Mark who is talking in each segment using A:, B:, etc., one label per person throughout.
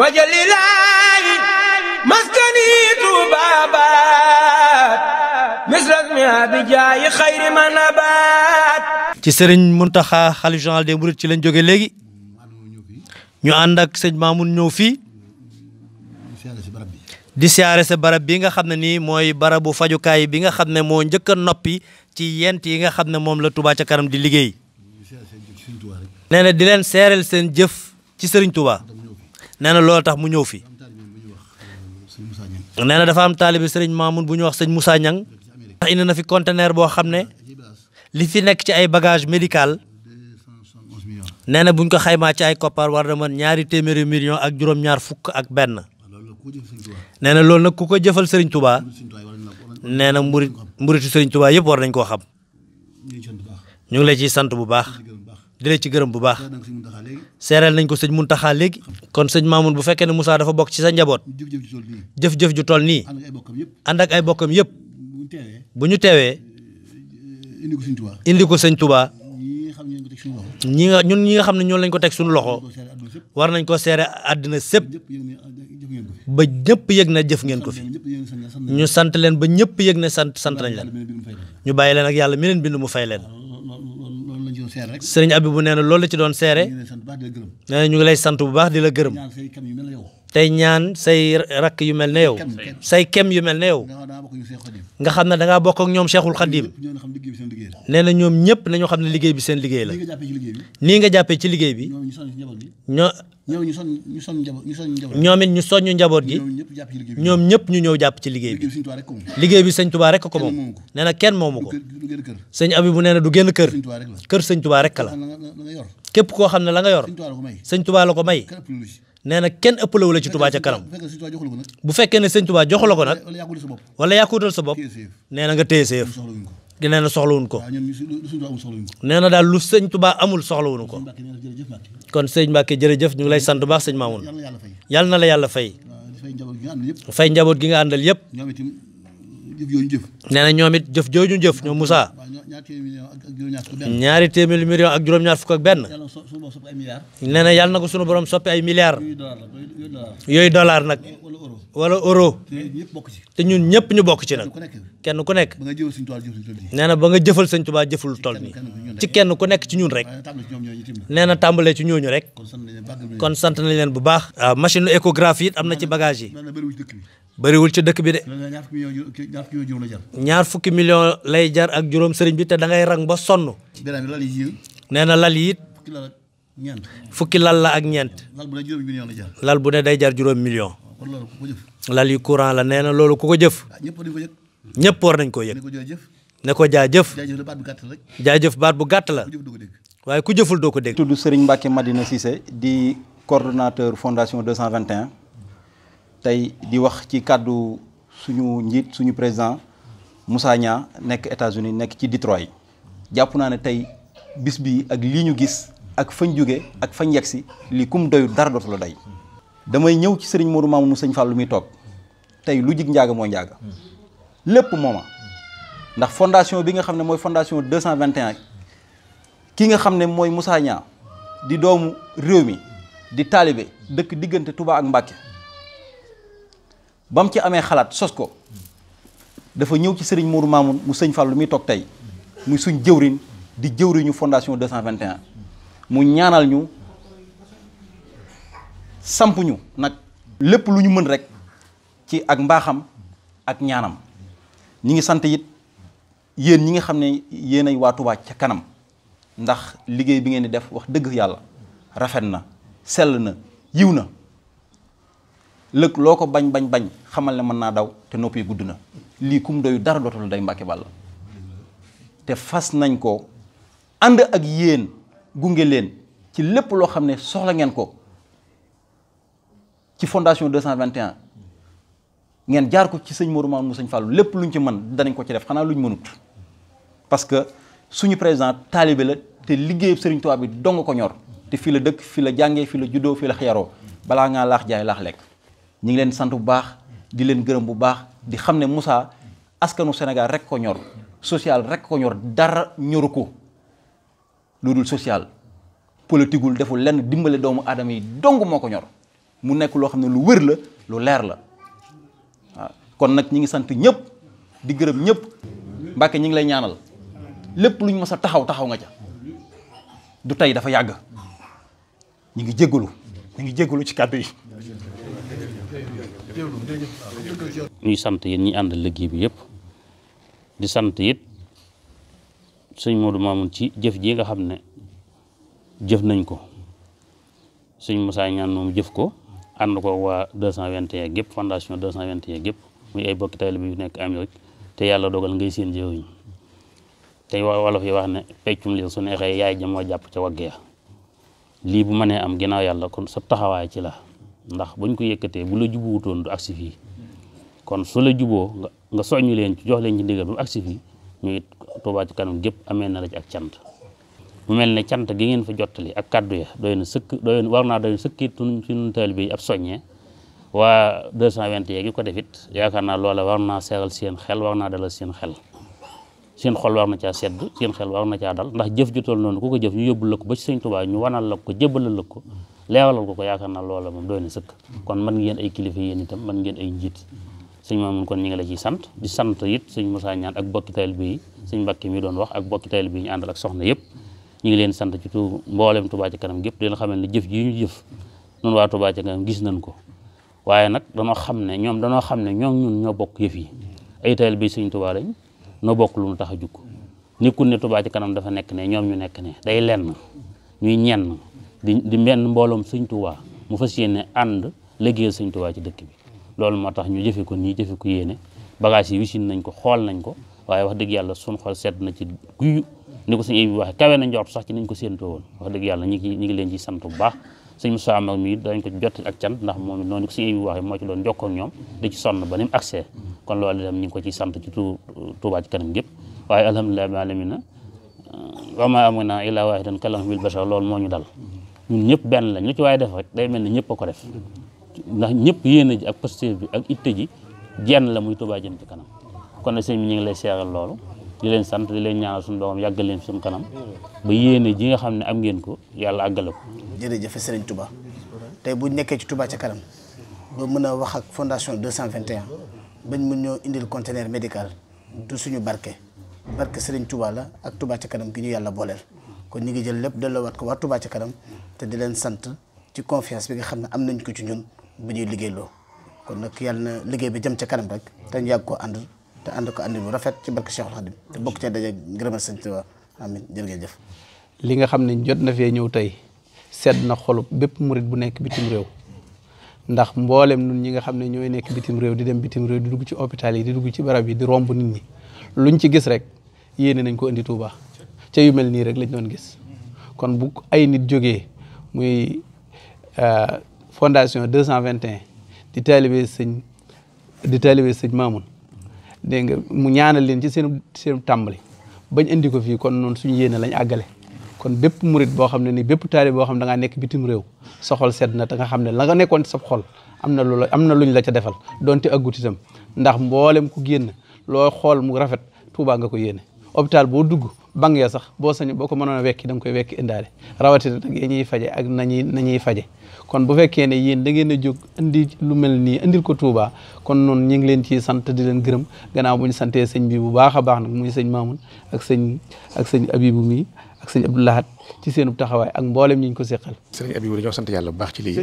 A: wajalilaayi maskani tuubaabaat misras mi abijaayi xayri manabaat
B: ci sëriñ Muntaxa xalifa général des mourides ci lañ jóge léegi ñu ànd ak sëñ Mamoun ñëw fii di siyaare sa barab bi nga xam ne nii mooy barabu fajukaay bi nga xam ne moo njëkk noppi ci yent yi nga xam ne moom la tubaa ca kanam di liggéey nee na di leen seereel seen jëf ci sëriñ Touba nee na loolu tax mu ñëw fii nee na dafa am taalibi sëriñ Mamoun bu ñu wax sëñ Moussa Niang ndax indi na fi conteneur boo xam ne li fi nekk ci ay bagage médical nee na buñ ko xaymaa ci ay koppar war na mën ñaari téeméeri million ak juróom-ñaar fukk ak benn nee na loolu nag ku ko jëfal sëriñ Touba nee na murit muritu sëriñ Touba yëpp war nañ koo xam ñu ngi lay ciy sant bu baax di la ci gërëm bu baax seereel nañ ko sëñ Muntaxa léegi kon sëñ Mamoun bu fekkee ne Moussa dafa bokk ci sa njaboot jëf-jëf ju toll nii ànd ak ay bokkam yëpp bu ñu teewee eh, indi ko sëñ Touba ñi nga ñun ñi nga xam ne ñoo lañ ko teg suñu loxo war nañ ko seere àddina sépp ba ñëpp yëg na jëf ngeen ko fi ñu sant leen ba ñëpp yëg na sant sant nañ leen ñu bàyyi leen ak yàlla mi leen bind mu fay leen sëriñ Abibu nee na loolu la ci doon seere
A: nee
B: na ñu ngi lay sant bu baax di la gërëm tey ñaan say rakk yu mel ne yow say kem yu mel ne yow nga xam ne dangaa bokk ak ñoom Cheikhul Khadim nee na ñoom ñëpp nañoo xam ne liggéey bi seen liggéey la nii nga jàppee ci liggéey bi
C: ñoo ñooñu ñu soññ ñoom
B: it ñu soññu njaboot gi ñoom ñëpp ñu ñëw jàpp ci liggéey bi liggéey bi sëñ Touba rek ko moom nee kenn moomu ko sëñ abi bu nee na du génn kër kër sëñ Touba rek la képp koo xam ne la nga yor sëñ Touba la ko may nee na kenn ëppalewu la ci Touba ca kanam bu fekkee ne sëñ Touba joxu ko nag wala yàquutal sa bopp
A: nee
B: na nga téye séef nee na soxlawuñ ko nee na daal lu sëñ Touba amul soxlawuñu ko kon sëñ Mbacke jërëjëf ñu ngi lay sant bu baax sëñ Mamoun yàlla na la yàlla fay fay njaboot gi nga àndal yëpp jëf jooju jëf nee na ñoom it jëf jooju jëf ñoom Moussa ñaari téeméeri million ak juróom-ñaar fukk ak benn nee na yàlla na ko sunu borom soppi ay milliards yooyu dollar nag wala euro te ñun ñëpp ñu bokk ci nag kenn ku nekk
C: nee
B: na ba nga jëfal sëñ Tuubaa jëful toll nii ci kenn ku nekk ci ñun rek nee na tàmbalee ci ñooñu rek kon sant nañ leen bu baax ah, machine échographie it am na ci bagage yi bariwul ci dëkk bi de. ñaar fukki million lay jar ak juróom sëriñ bi te da ngay rang ba sonn. nee na lal yiit fukki lal la ak ñent lal bu ne day jar juróom million. lal yi courant la nee na loolu ku ko jëf. Ah,
C: ñëpp war nañ ko yëg. ne ko jaa jëf baat bu gàtt la. waaye ku jëful doo ko dégg. tudd Serigne Mbacke Madina Cissé di coordonnateur fondation 221. tey di wax ci kàddu suñu njiit suñu président Moussa Niang nekk États-Unis nekk ci Detroit jàpp naa ne tey bis bi ak lii ñu gis ak fañ jóge ak fañ yegsi lii kum doyul dara dootu la doy damay ñëw ci sëriñ Modou Mamoune sëñ Fallou muy toog tey lu jig njaaga mooy njaaga lépp mooma ndax fondation bi nga xam ne mooy fondation 221 ki nga xam ne mooy Moussa Niang di doomu réew mi di taalibe dëkk diggante Touba ak Mbacke ba mu ci amee xalaat sos ko dafa ñëw ci sëriñ Mourou Mamoun mu sëñ lu muy toog tey muy suñ jëwriñ di jëwriñu fondation 221 mu ñaanal ñu samp ñu nag lépp lu ñu mën rek ci ak mbaaxam ak ñaanam ñi ngi sant yit yéen ñi nga xam ne yéen ay waa ca kanam ndax liggéey bi ngeen di def wax dëgg yàlla rafet na sell na yiw na lëg loo ko bañ bañ bañ xamal ne mën naa daw te nopp gudd na lii kum doyu dara dootul day mbàkke bàll te fas nañ ko ànd ak yéen gunge leen ci lépp loo xam ne soxla ngeen ko ci fondation 221 ngeen jaar ko ci sëñ Modou mu sëñ Fallou lépp luñ ci man danañ ko ci def xanaa lu ñu mënut parce que suñu président taalibe la te liggéeyu Sëriñ Tuubaa bi dong ko ñor te fii la dëkk fii la jàngee fii la juddoo fii la xiyaroo balaa ngaa laax jaay laax lekk ñi ngi leen sant bu baax di leen gërëm bu baax di xam ne Moussa askanu Sénégal rek ko ñor social rek ko ñor dara ñoru ko loolul social politigul deful lenn dimbale doomu aadama yi dong moko ñor mu nekk loo xam ne lu wër la lu leer la kon nag ñi ngi sant ñëpp di gërëm ñëpp Mbàkke ñi ngi lay ñaanal lépp luñ mësa taxaw taxaw nga ca du tey dafa yàgg ñi ngi ñi ngi ci kàddu yi
D: ñuy sant yéen ñi ànd liggéey bi yépp di sant it sëñ Modou Mamoun ci jëf ji nga xam ne jëf nañ ko suñ Moussa ñaan moom jëf ko ànd ko waa 221 gépp fondation 221 gépp muy ay bokki taalibe bi nekk Amérique te yàlla dogal ngay seen jëwriñ tey waa wolof yi wax ne peccum li su neexee yaay ja jàpp ca wagg lii bu mënee am ginnaaw yàlla kon sa taxawaay ci la ndax ñu ko yëkkatee bu la jubuwutoon du agsi fii kon su la juboo nga soññu leen ci jox leen ci ndigal ba mu agsi fii ñuy Tuubaa ci kanam gépp amee na la ci ak cant mu mel ne cant gi ngeen fa jottali ak kàddu ya doy na sëkk doy war naa doy na sëkk it ci nun taalibe yi ab soññee waa 221 yeeg yi ko defit yaakaar naa loola war naa seeral seen xel war naa dalal seen xel seen xol war na caa sedd seen xel war na caa dal ndax jëf ju toll noonu ku ko jëf ñu yóbbu la ko ba ci Sëñ Tuubaa ñu wanal ko jébbalal la ko leewalal ko ko yaakaar naa loola moom doy na sëkk kon man ngeen ay kilifa yéen itam man ngeen ay njiit sëñ Mamoun kon ñi ngi la ciy sant di sant it sëñ Moussa Ñaan ak bokki bi yi sëñ Mbàkke mi doon wax ak bokki bi yi ñu àndal ak soxna yëpp ñu ngi leen sant ci tu mboolem Touba ci kanam gépp di leen ne jëf ji ñu jëf waa tubaa ci kanam gis nañ ko waaye nag danoo xam ne ñoom danoo xam ne ñoom ñun ñoo bokk yëf yi ay taalibe bi sëñ Touba lañ noo bokk lu mu tax a jukk nekkul ne tubaa ci kanam dafa nekk ne ñoom ñu nekk ne day lenn ñuy di di mbenn mbooloom sëñ Tuubaa mu fas yéene ànd liggéeyal sëñ Tuubaa ci dëkk bi loolu moo tax ñu jëfe ko nii jëfe ko yéene bagage yi wisin nañ ko xool nañ ko waaye wax dëgg yàlla sun xol sedd na ci guyu ni ko sëñ bi waxee kawe na njort sax ci nañ ko séentoo woon wax dëgg yàlla ñi ngi ñi ngi leen ci sant bu baax sëñ Moussa Amar mi dañ ko jotti ak can ndax moom it noonu ko sëñ bi waxee moo ci doon jokkoo ñoom di ci sonn ba ni mu accès kon loolu itam ñu ngi ko ciy sant ci Tuubaa ci kanam gépp waaye alhamdulilah bi alamina wa ma amuna illa wahidan kalahum bil bashar loolu moo ñu dal ñun ñëpp benn lañ ñu ci waaye def rek day mel ne ñëpp a ko def ndax ñëpp yéene ji ak posture bi ak itte ji jenn la muy Touba jëm ci kanam kon na sëñ mi ñu ngi lay seeral loolu di leen sant di leen ñaanal suñu doomam yàggal leen suñu kanam ba yéene ji nga xam ne am ngeen ko yàlla àggale ko. jërëjëf Serigne Touba te bu nekkee ci Touba ci kanam ba mën a wax ak fondation 221 bañ mën ñoo indil conteneur médical
A: du suñu barke barke Serigne Touba la ak Touba ca kanam gi ñu yàlla booleel. kon ñu ngi jël
D: lépp delloowaat ko waa Touba ci kanam te di leen sant ci confiance bi nga xam ne am nañ ko ci ñun bu ñuy liggéey loo kon nag yàlla na liggéey bi jëm ca kanam rek te ñu yàgg ànd te ànd ko ànd bu rafet ci barke Cheikhul Khadim te bokk cee daje gërëmal sant waa amin jërëjëf.
A: li nga xam ne jot na fee ñëw tey sedd na xolub bépp murit bu nekk bitim réew ndax mboolem nun ñi nga xam ne ñooy nekk bitim réew di dem bitim réew di dugg ci hôpital yi di dugg ci barab yi di romb nit ñi ñu ci gis rek yéene nañ ko indi Touba. ca yu mel nii rek lañ doon gis kon bu ay nit jógee muy euh, fondation 221 di taalibe sëñ di taalibe sëñ Maamun dégg nga mu ñaanal leen ci seen seen tàmbali bañ indi ko fii kon noonu suñ yéene lañ àggale kon bépp murit boo xam ne ni bépp taalibe boo xam ne da nekk bitim réew soxol sedd na te nga xam ne la nga nekkoon ci xool am na lu la am na luñ la ca defal donte aggut itam ndax mboolem ku génn loo xool mu rafet Tuubaa nga ko yéene hôpital boo dugg bang ya sax boo sañ boo ko mënoon a wekki da nga koy wekki indaale rawatina nag yi ñuy faje ak nañuy nañuy faje kon bu fekkee ne yéen da ngeen a jóg indi lu mel nii indil ko Touba kon noonu ñu ngi leen ci sant di leen gërëm gannaaw bu ñu santee sëñ bi bu baax a baax nag muy sëñ Mamoun ak sëñ ak sëñ Abibu mi ak sëñ Abdoulahat ci seenu taxawaay ak mboolem ñi ñu ko seqal. sëñ Abibu dañoo sant yàlla bu baax ci lii.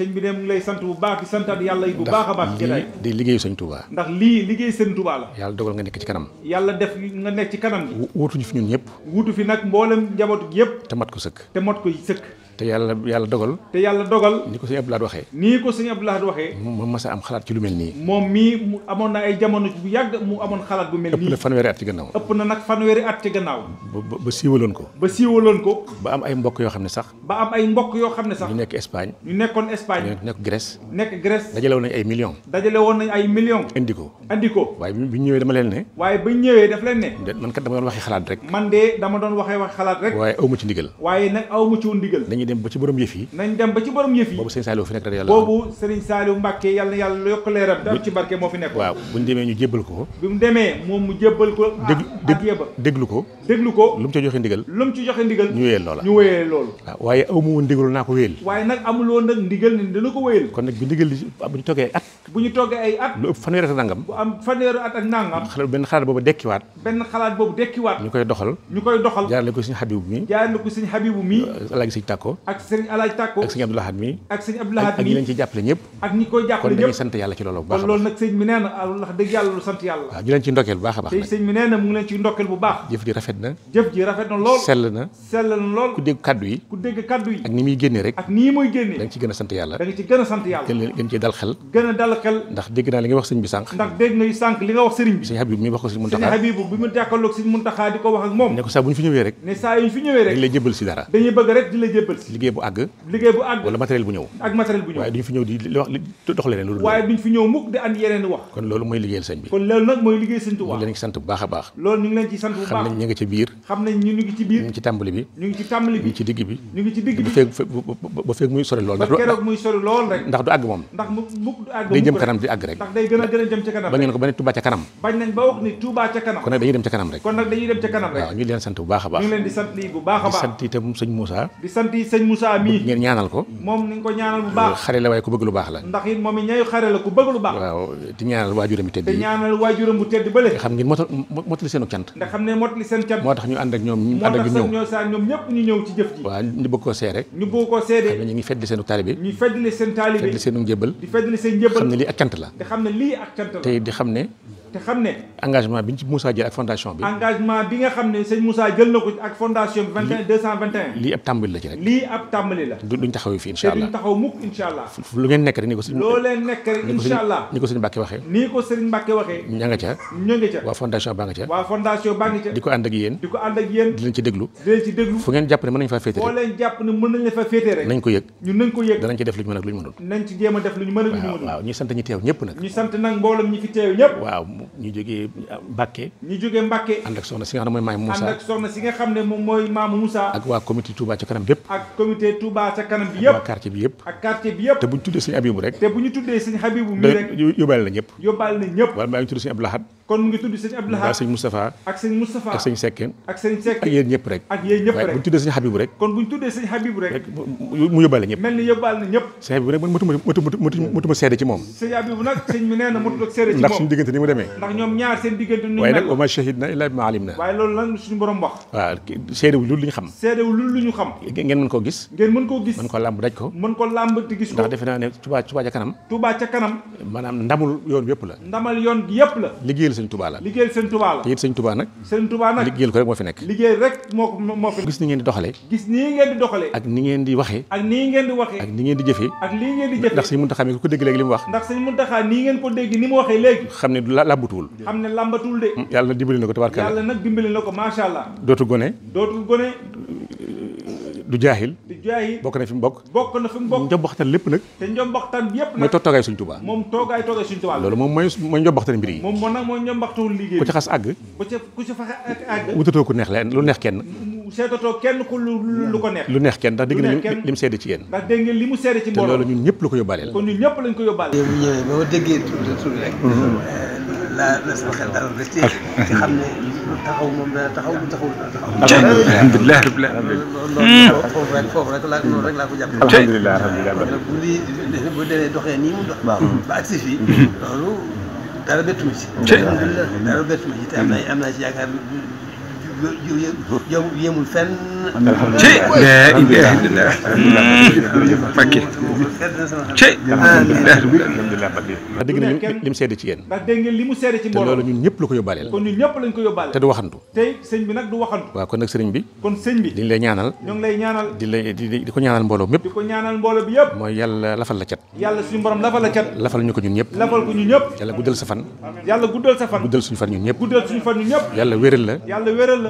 E: sëñ bi de lay sant bu baax di santaat yàlla yi bu baax a baax. ndax lii di liggéeyu sëñ Touba. ndax lii liggéey sëñ Touba la. yàlla dogal nga nekk ci kanam. yàlla def nga nekk ci kanam. wuutuñu fi ñun ñëpp. wuutu fi nag mboolem njaboot gi yëpp. te mat ko sëkk. te mat koy sëkk. te yàlla yàlla dogal te yàlla dogal ni ko sëñ Abdou Lahad waxee nii ko sëñ Abdou Lahad moom masa am xalaat ci lu mel nii moom mii amoon na ay jamono bu yàgg mu amoon xalaat bu mel nii ëpp na fanweeri at ci gannaaw ëpp na nag ba ko ba siiwaloon ko ba am ay mbokk yoo xam ne sax ba am ay mbokk yoo xam ne sax ñu nekk Espagne ñu nekkoon Espagne nekk Grèce nekk Grèce dajale woon nañ ay millions dajale woon nañ ay millions indi ko indi ko waaye bi ñu ñëwee dama leen ne waaye ba ñu ñëwee daf leen ne man kat dama doon man de dama doon wax xalaat rek waaye aw ma ci ndigal waaye nag dem ba ci borom yëf yi nañ dem ba ci borom yëf yi boobu sëriñ Saliou fi nekk rek yàlla boobu sëriñ Saliou bu ko bi mu demee moom mu jébbal ko ak yëba déglu ko déglu ko lu mu ci joxe ndigal lu mu ci joxe ndigal ñu wéyal loola ñu wéyal loolu waaw ah, waaye amu woon ndigal naa ko wéyal waaye nag amul nag ndigal ni dana ko wéyal kon nag bi ndigal li bu ñu toggee ay at bu ñu toggee ay at lu ëpp fanweeri at bu am fanweeri at ak nangam benn xalaat boobu dekkiwaat benn xalaat boobu dekkiwaat ñu koy doxal ñu koy doxal jaarale ko sëriñ Habibu mi jaarale ko sëriñ Habibu mi alaaji ak sëriñ alaaj tàkko ak sëriñ Abdou Lahad mi ak sëriñ Abdou Lahad mi ak sëñ mi nee mu ngi leen ci ndokkeel bu baax ku dégg kaddu yi ku dégg kaddu ak a sant a sant yàlla gën ci a moom ne ko saa bu ñu fi ñëwee rek ne saa yu ñu fi ñëwee rek dañ jëbbal si dara dañuy bëgg rek di jëbbal si liggéey bu àgg liggéey bu àgg wala matériel bu ñëw ak matériel bu ñëw waaye duñu fi ñëw di dox leneen loolu waaye duñu fi ñëw mukk di andi yeneen wax kon loolu mooy liggéeyal sëñ bi ñu ngi ci sant bi ñu ngi ci tàmbali bi ñu ngi ci digg bi ndax du àgg moom ndax mukk du àgg day jëm kanam di àgg rek ba ngeen ko ba ne Tuubaa ca kanam bañ nañ ba wax ni Tuubaa ca kanam kon nag dañuy dem ca kanam rek kon nag dañuy dem ca kanam rek ñu leen sant bu baax a sëñ Moussa mii ngeen ñaanal ko moom ni nga ko ñaanal bu baax xare la waaye ku bëgg lu baax la ndax it moom it ñayu xare la ku bëgg lu baax waaw te ñaanal waajuram bu tedd te ñaanal waajuram bu bële xam ngeen motali seenu cant moo tax ñu ànd ak ñoom ñu ànd ak ñëw ñoo sa ñoom ñëpp ñu ñëw ci jëf ji waaw ñu bëgg koo seere ñu bëgg ko seede xam ne ñu ngi feddli seenu taalibe ñu feddli seen taalibe feddli seenu njëbbal seen njëbbal xam ne lii ak cant la xam ne lii ak cant la te di xam ne te xam ne engagement bi ci Moussa ak fondation bi engagement bi nga xam ne sëñ Moussa jël na ak fondation bi 21 221 lii ab tàmbali la ci rek lii ab tàmbali la duñ taxaw fi insha allah duñ taxaw mukk insha lu ngeen nekk rek ni ko sëñ loo rek insha allah ni Mbacke waxee ni ko Mbacke waxee ña nga ca ña nga ca waa fondation baa nga ca waa fondation baa nga ca di ko ak yéen di ko ak yéen di ci déglu di ci déglu fu ngeen jàpp ne mën nañ faa féete foo leen jàpp ne mën nañ la fa féete rek nañ ko yëg ñu nañ ko yëg danañ ci def lu ñu mën ak lu ñu mënul nañ ci jéem a def lu ñu mën ak lu ñu mënul waaw ñu sant ñi teew ñëpp nag ñu sant nag mboolam ñi fi teew waaw ñu jógee Mbacke. ñu jógee Mbacke. ànd ak soxna si nga xam ne mooy maamu Moussa ak nga xam ne moom mooy maamu Moussa. ak waa comité Touba ca kanam bépp. ak comité Touba ca kanam bi yëpp. ak waa bi yëpp. te bu ñu tuddee sëñ Habibou rek. te bu ñu tuddee sëñ Habibou mi rek. yóbbaale na ñëpp. yóbbaale na ñëpp. kon mu ngi tudd sëñ Abdou Lahad sëñ Moustapha ak sëñ Moustapha ak sëñ Seck ak sëñ Seck ak yéen ñëpp rek ak yéen ñëpp rek bu ñu tuddee sëñ Habib rek kon bu ñu tuddee sëñ Habib rek mu yóbbaale ñëpp mel ni yóbbaal na ñëpp sëñ Habib rek man matuma matuma seede ci moom sëñ Habib nag sëñ mi nee na matuma seede ci moom ndax suñu diggante ni mu demee ndax ñoom ñaar seen diggante ni waaye nag wa ma shahidna illa bima alimna waaye loolu lan suñu borom wax waaw seedewu loolu lu ñu xam seedewu loolu lu ñu xam ngeen mën koo gis ngeen mën koo gis mën ko làmb daj ko mën ko làmb te gis ko ndax defe naa ne Touba Touba ca kanam Touba ca kanam maanaam ndamul yoon yëpp la ndamal yoon yëpp la liggéeyal sëñ Touba la liggéeyal sëñ Touba la te it sëñ Touba nag sëñ Touba ko rek moo fi nekk liggéey rek moo moo fi gis nii ngeen di doxalee ak ni ngeen di waxee ak nii ngeen di waxee ak lii ngeen di jëfee ndax sëñ Muntaxa mi ko dégg léegi li mu wax ndax sëñ Muntaxa nii ngeen ko dégg ni mu waxee léegi xam ne làmbatuwul xam ne làmbatuwul de yàlla nag dimbali na ko tabarkalla yàlla nag dimbali ko macha allah dootu gone dootu gone du jaahil du jaahil bokk na fi mu bokk na fi mu bokk njombaxtaan lépp nag te njombaxtaan yépp nag mooy toog toogaay suñ tubaa moom toogaay toogaay loolu moom mooy mooy mbir yi moom moom nag mooy njombaxtaan liggéey ku ci leen lu neex kenn seetatoo kenn ku lu ko neex lu neex kenn ndax dégg nañu li mu seede ci yéen ndax dégg ngeen li mu seede ci mbooloo loolu ñun ñëpp la ko yóbbaale
A: mhm. la lu taxaw moom dana taxaw lu taxaw dana taxaw. alhamdulilah rabbil alamin hmm. foofu rek foofu rek laa noonu rek laa ko jàpp. alhamdulilah alhamdulilah bu lii bu dee doxee nii mu dox. ba agsi fii. Hmm. loolu dara bettu ma ci. alhamdulilah dara bettu
C: ma ci te am naa am naa ci yaakaar ju ju yow yemul fenn. alhamdulilah alhamdulilah mm. alhamdulilah Mbacké.
E: alhamdulilah dégg ci ndax dégg li mu seede ci mbooloo. te loolu ñun ñëpp lu ko yóbbaaleel. kon ñun ñëpp lañ ko yóbbaaleel. te du waxantu. tey sëñ bi nag du waxantu. waaw kon nag sëriñ bi. kon sëñ bi. di lay ñaanal. ñoo ngi lay ñaanal. di lay di ko ñaanal mbooloo mépp. di ko ñaanal mbooloo bi yëpp. mooy yàlla lafal la cat. yàlla suñu borom lafal la cat. lafal ñu ko ñun ñëpp. lafal ko ñun ñëpp. yàlla guddal sa fan. yàlla guddal sa suñu fan ñun ñëpp. yàlla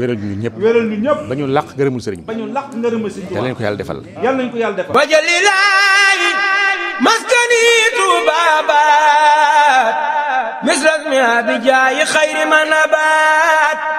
E: wéral jéggal ñu ñëpp. ba ñu làq ngërëmul sëriñ bi. ba ñu làq ngërëmul sëriñ bi yal nañ ko yàlla defal. yal nañ ko yàlla defal. wajalilaayi maskani tubaabaat misras mi abijaayi xayri ma nabaat